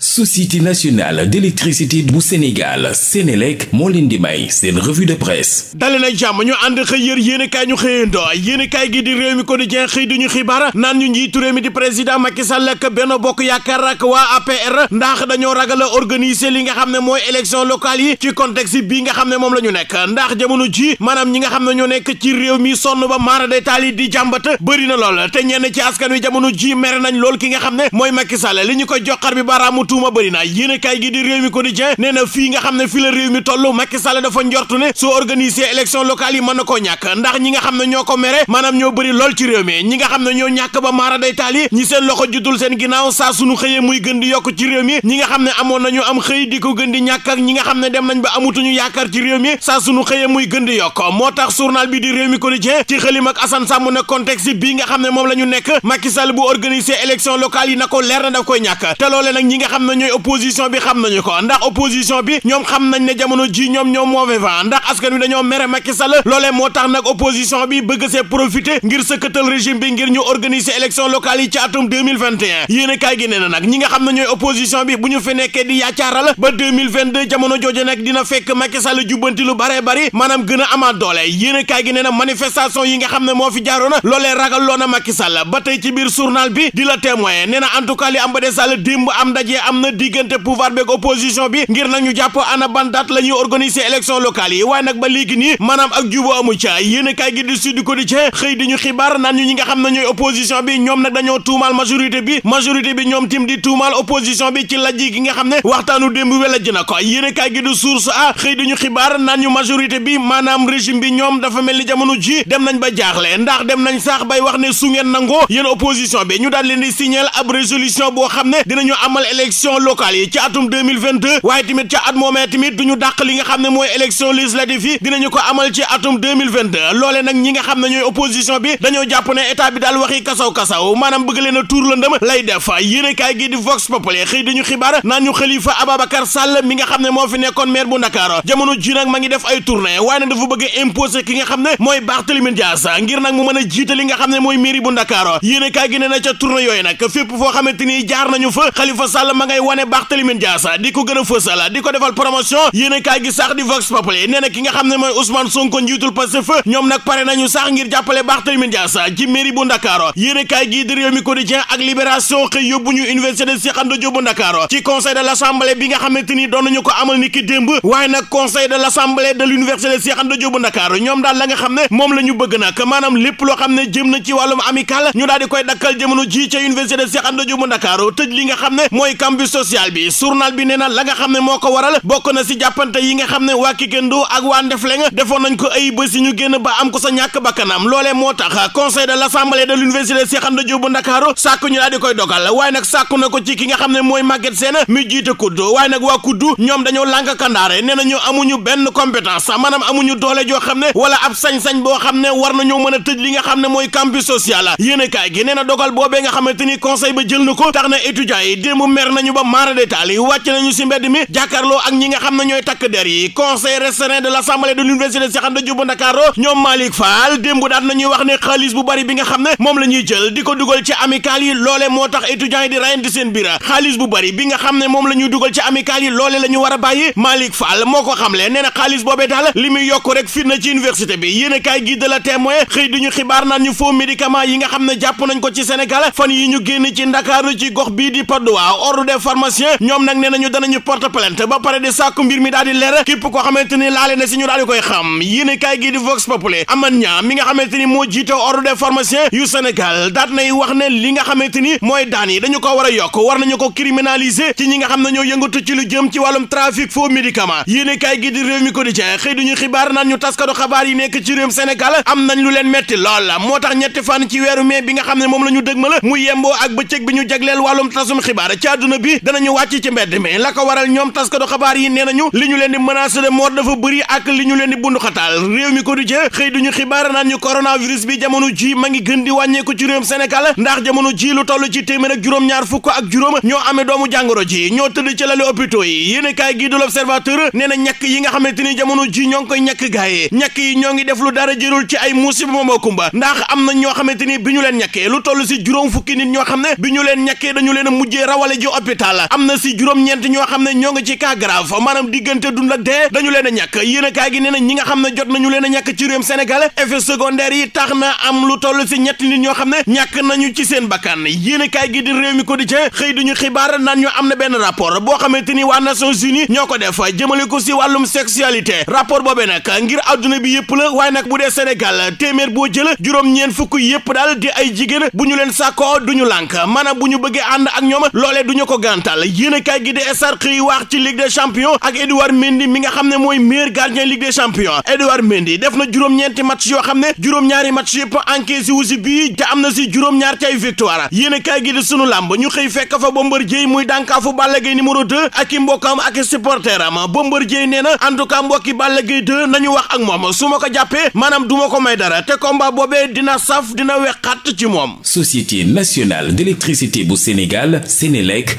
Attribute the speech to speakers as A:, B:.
A: société nationale d'électricité bu Sénégal Sénélec moo leen di may seen revue de presse dali jàmm ñu ànd xëy yër yéenekaay ñu xëyandoo yéenekaay gi di réew mi quotidien xëy duñu xibaar naan ñu njiitu réew mi di président Macky Sall ak Benno Bokk Yaakaar ak waa APR ndax dañoo ragal a organiser li nga xam ne mooy élection locale yi ci contexte bi nga xam ne moom la ñu nekk ndax jamono ji maanaam ñi nga xam ne ñoo nekk ci réew mi sonn ba maara détaal yi di jàmbat bëri na lool te ñenn ci askan wi jamono ji mer nañ lool ki nga xam ne mooy Macky tuuma bëri na yéenekaay gi di réew mi quotidien nee na fii nga xam ne fi la réew mi toll Macky dafa njortu ne su organiser élection locale yi mën na koo ñàkk ndax ñi nga xam ne ñoo ko mere maanaam ñoo bëri lool ci réew mi ñi nga xam ne ñoo ñàkk ba maara day ñi seen loxo juddul seen ginnaaw saa sunu xëyee muy gën di yokk ci réew mi ñi nga xam ne amoon nañu am xëy di ko gën di ñàkk ak ñi nga xam ne dem nañ ba amutuñu yaakaar ci réew mi saa sunu bi di réew mi quotidien ci xëlim la ñu nekk Macky Sall bu xam ne ñooy opposition bi xam nañu ko ndax opposition bi ñoom xam nañ ne jamono ji ñoom ñoom mauvais vent ndax askan wi dañoo mere Macky Sall loolee moo tax nag opposition bi bëgg see profiter ngir sëkkatal régime bi ngir ñu organiser élection locale yi ci atum 2021 a gi nee na nag ñi nga xam ne ñooy opposition bi bu ñu fi nekkee di yaacaaral ba 2022 jamono jooju nag dina fekk Macky Sall jubbanti lu baree bari maanaam gën a amaat doole yéen a gi nee na manifestation yi nga xam ne moo fi jaarona loolee ragal loona Macky Sall bi di na en tout cas li am ba de Sall démb am am na diggante pouvoir beeg opposition bi ngir nag ñu jàpp ana ban date la ñuy organiser élection yi waaye nag ba léegi nii maanaam ak juboo amu ca yéen a kaay gi di Sud Quotidien xëy di ñu xibaar naan ñu ñi nga xam ne ñooy opposition bi ñoom nag dañoo tuumaal majorité bi majorité bi ñoom tim di tuumaal opposition bi ci lajj i nga xam ne waxtaanu démb welaj na ko yéen a kaay gi di Source A xëy di ñu xibaar naan majorité bi maanaam régime bi ñoom dafa mel ni jamono ji dem nañ ba jaaxle ndax dem nañ sax bay wax ne su ngeen nangoo yéen opposition bi ñu daal leen di signaler ab résolution boo xam ne dinañu amal élection élection locale yi ci atum 2022 waaye tamit ca at moomee tamit du ñu dàq li nga xam ne mooy élection législative yi dinañu ko amal ci atum 2022 loole nag ñi nga xam ne ñooy opposition bi dañoo jàpp ne état bi daal waxi kasaw-kasaw maanaam bëgg leen a tuur la ndëm lay def yéene kaay gi di Vox Populi xëy dañu xibaar naan ñu Khalifa Ababacar Sall mi nga xam ne moo fi nekkoon maire bu Ndakaaru jamono ji nag ma ngi def ay tournée waaye nag dafa bëgg a imposer ki nga xam ne mooy Barthélémy Dias ngir nag mu a jiite ma ngay wane Barthélémy Dias di ko gën a fësal di ko defal promotion yéen a kaay gi sax di Vox Populi nee ki nga xam ne mooy Ousmane Sonko njiitul Pastef ñoom nag pare nañu sax ngir jàppale Barthélémy Dias ci mairie bu Ndakaaru yéen a kaay gi di Rewmi ak Libération xëy yóbbu ñu université de Cheikh Anta bu Ndakaaru ci conseil de l'assemblée bi nga xamante ni doon nañu ko amal ni ki démb waaye nag conseil de l'assemblée de l'université de campus social bi journal na ne moo ko waral bokk na si jàppante yi nga xam ne waa Kikendo ak waa Ndefleng defoon nañ ko ay bés yi ñu génn ba am ko sa ñàkk bakkanam loolee moo tax conseil de l'assemblée de l'université Cheikh Anta Diop bu Ndakaaru sàkku ñu daal di koy dogal waaye ko ci ki nga xam ne mooy Maguette Sène mi jiite kudd waaye nag waa kudd ñoom dañoo lànk kandaare nee na ñu amuñu benn compétence maanaam amuñu doole joo xam ne wala ab sañ-sañ boo xam ne war nañoo mën a tëj li nga xam ne mooy campus social yéen a kaay gi nee na dogal boobee nga xamante ni conseil ba jël na ko tax na étudiants yi démb mer nañu ba maara détail yi wàcc nañu si mbedd mi jàkkaarloo ak ñi nga xam ne ñooy takk der yi conseil restreint de l'assemblée de l'université Cheikh Anta Diop ñoom Malick Fall démb daan nañuy wax ne xaalis bu bari bi nga xam ne moom la ñuy jël di ko dugal ci amical yi loole moo tax étudiants yi di rayante seen biira xaalis bu bari bi nga xam ne moom la dugal ci amical yi loole la war a bàyyi Malick Fall moo ko xamle nee na xaalis boobee daal li muy xam ne jàpp nañ ko ci Sénégal fan yi des pharmaciens ñoom nag nee nañu danañu porte plainte ba pare di sàkku mbir mi daal di leer képp koo xamante ni laale na si ñu daal di koy xam yéen kaay gi di Vox Populi aman ñaa mi nga xamante ni moo jiite ordre des pharmaciens yu Sénégal daat nay wax ne li nga xamante ni mooy daan yi dañu ko war a yokk war nañu ko criminaliser ci ñi nga xam ne ñoo yëngatu ci lu jëm ci wàllum trafic faux médicament yéen kaay gi di réew mi quotidien xëy duñu xibaar naan ñu taskatu xabaar yi nekk ci réewum Sénégal nañ lu leen metti moo tax ñetti fan ci weeru mai bi nga xam ne moom la ñu dëgmal mu yemboo ak bëccëg bi ñu jagleel wàllum tasum xibaar ci àdduna àdduna bi danañu wàcc ci mbedd mi la ko waral ñoom taskatu xabaar yi nee nañu li ñu leen di menace de mort dafa bëri ak li ñu leen di bundu réew mi ko di jë xëy duñu xibaar naan ñu coronavirus bi jamono ji ma ngi gën di wàññeeku ci réewum Sénégal ndax jamono ji lu toll ci téeméer ak juróom ñaar fukk ak juróom ñoo amee doomu jàngoro ji ñoo tëdd ci lali hôpitaux yi yéen kaay gii du l'observateur yi nga xamante ni jamono ji ñoo ngi koy ñàkk gaayee ñàkk yi ñoo ngi def lu dara ci ay musiba moomoo kumba am na ñoo xamante ni bi ñu leen ñàkkee lu toll si juróom fukki nit ñoo xam ne bi leen ñàkkee dañu leen a mujjee rawale hôpital am na si juróom-ñeent ñoo xam ne ñoo ngi ci cas grave diggante dund dee dañu leen a ñàkk yéen a kaay ñi nga xam ne jot nañu leen a ñàkk ci réewum Sénégal effet secondaire yi tax na am lu toll si ñetti nit ñoo xam ne ñàkk nañu ci seen bakkan yéen a kaay gi di réew mi quotidien xëy duñu xibaar naan ñu am na benn rapport boo xamante ni waa Nations Unies ñoo ko def jëmale ko si wàllum sexualité rapport boobee nag ngir adduna bi yëpp la waaye nag bu dee Sénégal téeméer boo jël juróom-ñeent fukk yëpp daal di ay jigéen bu ñu leen sàkkoo duñu lànk maanaam bu ñu bëggee ànd ak ñoom ko gàntal yéenekaay gi di Stades xëy wax ci Ligue des champions ak Edouard Mendy mi nga xam ne mooy meilleur gardien Ligue des champions Edouard Mendy def na juróom-ñeenti match yoo xam ne juróom-ñaari mat match yëpp encaissé wu si bii te am na si juróom-ñaar ci ay victoire kaa gi di sunu làmb ñu xëy fekk fa Bombardier muy dànkaafu Balla Gaye numéro 2 ak i mbokkam ak supporteram Bombardier nee na en tout cas mbokki Balla Gaye 2 nañu wax ak moom su ma ko jàppee maanaam du ko may dara te combat boobee dina saf dina weqat ci moom société nationale d'électricité bu Sénégal Sénélec